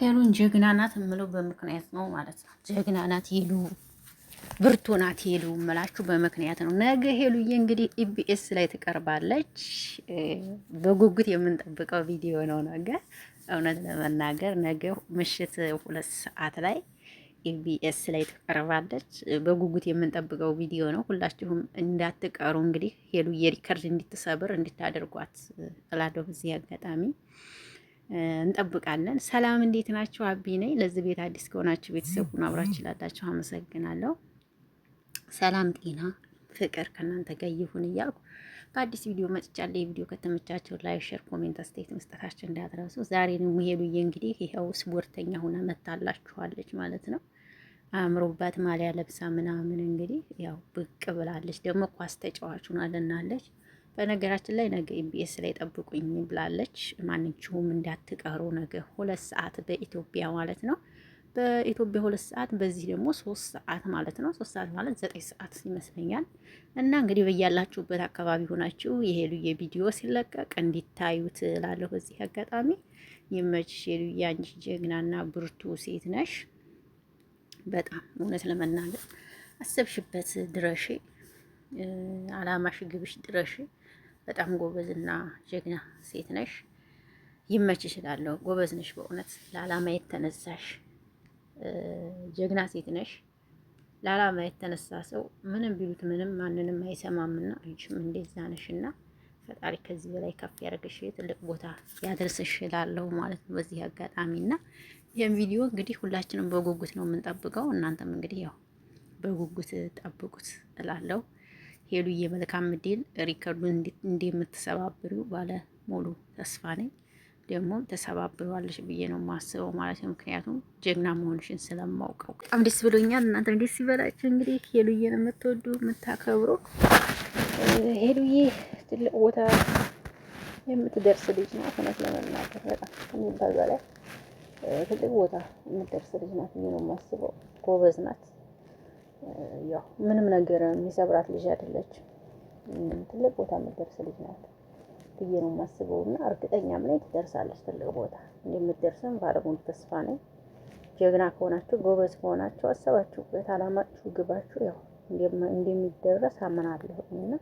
ሄሉን ጀግና ናት የምለው በምክንያት ነው ማለት ነው። ጀግና ናት ሄሉ፣ ብርቱ ናት ሄሉ የምላችሁ በምክንያት ነው። ነገ ሄሉዬ እንግዲህ ኢቢኤስ ላይ ትቀርባለች። በጉጉት የምንጠብቀው ቪዲዮ ነው። ነገ እውነት ለመናገር ነገ ምሽት ሁለት ሰዓት ላይ ኢቢኤስ ላይ ትቀርባለች። በጉጉት የምንጠብቀው ቪዲዮ ነው። ሁላችሁም እንዳትቀሩ እንግዲህ ሄሉዬ ሪከርድ እንድትሰብር እንድታደርጓት እላለሁ በዚህ አጋጣሚ እንጠብቃለን። ሰላም፣ እንዴት ናችሁ? አቢ ነኝ። ለዚህ ቤት አዲስ ከሆናችሁ ቤተሰብ ሁኑ። አብራችሁ ላላችሁ አመሰግናለሁ። ሰላም፣ ጤና፣ ፍቅር ከእናንተ ጋር ይሁን እያልኩ በአዲስ ቪዲዮ መጥቻለሁ። የቪዲዮ ከተመቻቸው ላይክ፣ ሼር፣ ኮሜንት አስተያየት መስጠታችሁ እንዳትረሱ። ዛሬ ነው ሄሉዬ እንግዲህ ይኸው ስፖርተኛ ሆና መታላችኋለች ማለት ነው። አእምሮባት ማሊያ ለብሳ ምናምን እንግዲህ ያው ብቅ ብላለች። ደግሞ ኳስ ተጫዋች ሆና ልናለች በነገራችን ላይ ነገ ኢቢኤስ ላይ ጠብቁኝ ብላለች። ማንችሁም እንዳትቀሩ ነገ ሁለት ሰዓት በኢትዮጵያ ማለት ነው። በኢትዮጵያ ሁለት ሰዓት በዚህ ደግሞ ሶስት ሰዓት ማለት ነው። ሶስት ሰዓት ማለት ዘጠኝ ሰዓት ይመስለኛል። እና እንግዲህ በያላችሁበት አካባቢ ሆናችሁ የሄሉዬ ቪዲዮ ሲለቀቅ እንዲታዩት እላለሁ። በዚህ አጋጣሚ ይመችሽ ሄሉዬ፣ አንቺ ጀግናና ብርቱ ሴት ነሽ። በጣም እውነት ለመናገር አሰብሽበት ድረሽ፣ አላማሽ ግብሽ ድረሽ። በጣም ጎበዝና ጀግና ሴት ነሽ። ይመች ይችላለሁ። ጎበዝ ነሽ። በእውነት ለዓላማ የተነሳሽ ጀግና ሴት ነሽ። ለዓላማ የተነሳ ሰው ምንም ቢሉት ምንም ማንንም አይሰማምና አንቺም እንደዛ ነሽና ፈጣሪ ከዚህ በላይ ከፍ ያደርግሽ ትልቅ ቦታ ያደርስሽ እላለሁ ማለት ነው። በዚህ አጋጣሚና ይህም ቪዲዮ እንግዲህ ሁላችንም በጉጉት ነው የምንጠብቀው። እናንተም እንግዲህ ያው በጉጉት ጠብቁት እላለሁ። ሄሉዬ መልካም እድል ሪከርዱን እንደምትሰባብሩ ባለ ሙሉ ተስፋ ነኝ። ደግሞ ተሰባብሯለሽ ብዬ ነው ማስበው ማለት ነው። ምክንያቱም ጀግና መሆንሽን ስለማውቀው በጣም ደስ ብሎኛል። እናንተ ደስ ይበላችሁ። እንግዲህ ሄሉዬን የምትወዱ የምታከብሩ፣ ሄሉዬ ትልቅ ቦታ የምትደርስ ልጅ ናት። እውነት ለመናገር በጣም ከሚባል በላይ ትልቅ ቦታ የምትደርስ ልጅ ናት ብዬ ነው ማስበው። ጎበዝ ናት። ያው ምንም ነገር የሚሰብራት ልጅ አደለች ትልቅ ቦታ የምትደርስ ልጅ ናት ብዬ ነው የማስበው እና እርግጠኛም ላይ ትደርሳለች ትልቅ ቦታ እንደምትደርስም ባለሙሉ ተስፋ ነኝ። ጀግና ከሆናችሁ ጎበዝ ከሆናችሁ አሰባችሁበት፣ አላማችሁ፣ ግባችሁ ያው እንደሚደረስ አምናለሁ እና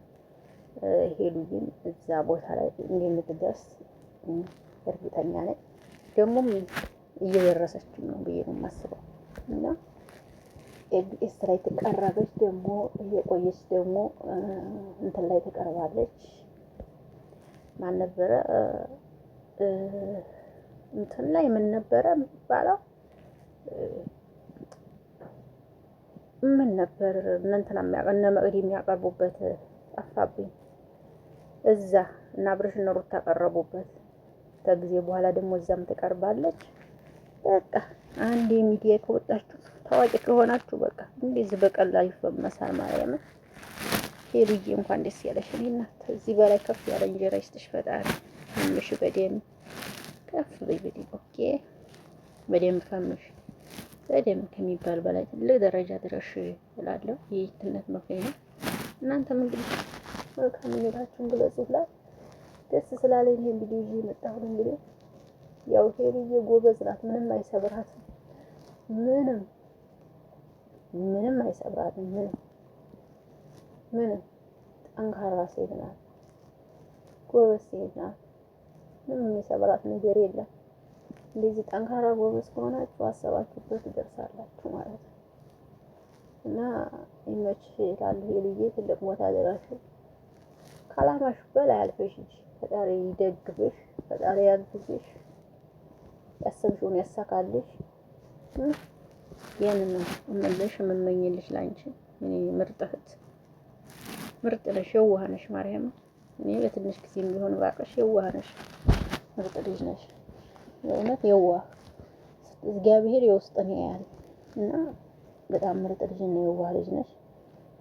ሄሉዬም እዛ ቦታ ላይ እንደምትደርስ እርግጠኛ ነኝ። ደግሞም እየደረሰችም ነው ብዬ ነው የማስበው እና ኤቢኤስ ላይ ተቀረበች። ደግሞ የቆየች ደግሞ እንትን ላይ ተቀርባለች። ማን ነበረ እንትን ላይ ምን ነበረ የሚባለው? ምን ነበር እንትና እነ መቅዲ የሚያቀርቡበት ጠፋብኝ። እዛ እና አብርሽ እነ ሩት ታቀረቡበት ከጊዜ በኋላ ደግሞ እዛም ትቀርባለች። በቃ አንድ ሚዲያ ከወጣችሁ ታዋቂ ከሆናችሁ በቃ እንደዚህ በቀላሉ ይፈመሳል። ማርያም ሄዱዬ እንኳን ደስ ያለሽ። እኔ እናት እዚህ በላይ ከፍ ያለ እንጀራ ይስጥሽ ፈጣሪ። ፈምሽ በደም ከፍ በይበት። ኦኬ። በደም ፈምሽ በደም ከሚባል በላይ ትልቅ ደረጃ ድረሽ እላለሁ። የትነት መክኔ ነው። እናንተም እንግዲህ መልካም ምኞታችሁን ግለጹላት። ደስ ስላለኝ ይሄን ቪዲዮ ይዤ መጣሁን። እንግዲህ ያው ሄዱዬ ጎበዝ ናት፣ ምንም አይሰብራትም ምንም ምንም አይሰብራትም። ምንም ምንም ጠንካራ ሴት ናት፣ ጎበዝ ሴት ናት። ምንም የሚሰብራት ነገር የለም። እንደዚህ ጠንካራ ጎበዝ ከሆናችሁ አሰባችሁበት ትደርሳላችሁ ማለት ነው። እና ይመችሽ እላለሁ። የልዬ ትልቅ ቦታ ደራሽ፣ ካላማሽ በላይ አልፈሽ እንጂ ፈጣሪ ይደግፍሽ፣ ፈጣሪ ያግዝሽ፣ ያሰብሽውን ያሳካልሽ። ይህንን ነው እምልሽ የምመኝልሽ ላንቺ ምርጥ እህት ምርጥ ነሽ፣ የዋህ ነሽ። ማርያም እኔ የዋህ ነሽ፣ ምርጥ ልጅ ነሽ። የዋህ እግዚአብሔር የውስጥን ያያል እና በጣም ምርጥ ልጅ የዋህ ልጅ ነሽ።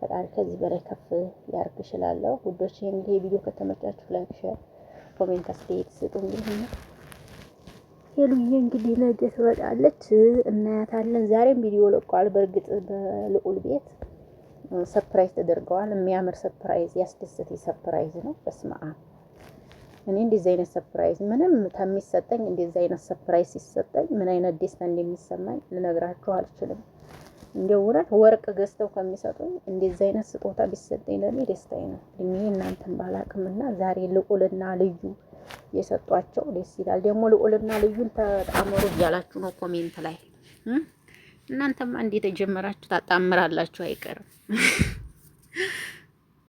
ፈጣሪ ከዚህ በላይ ከፍ ያርግሽ እላለሁ። ውዶች ቪዲዮ ከተመቻችሁ ላይክ፣ ሼር፣ ኮሜንት አስተያየት ስጡ እንግዲህ ሄሉዬ እንግዲህ ነገ ትመጣለች፣ እናያታለን። ዛሬም ቪዲዮ ለቋል። በእርግጥ በልዑል ቤት ሰርፕራይዝ ተደርገዋል። የሚያምር ሰርፕራይዝ፣ ያስደሰት ሰፕራይዝ ነው። በስመ አብ እኔ እንደዚህ አይነት ሰርፕራይዝ ምንም ከሚሰጠኝ እንደዚህ አይነት ሰርፕራይዝ ሲሰጠኝ ምን አይነት ደስታ እንደሚሰማኝ ልነግራችሁ አልችልም። እንደው እውነት ወርቅ ገዝተው ከሚሰጡኝ እንደዚህ አይነት ስጦታ ቢሰጠኝ ለእኔ ደስታዬ ነው። እኔ እናንተን ባላቅምና ዛሬ ልዑልና ልዩ የሰጧቸው ደስ ይላል። ደግሞ ልዑልና ልዩን ተጣመሩ እያላችሁ ነው ኮሜንት ላይ እናንተማ እንዴት የጀመራችሁ ታጣምራላችሁ አይቀርም።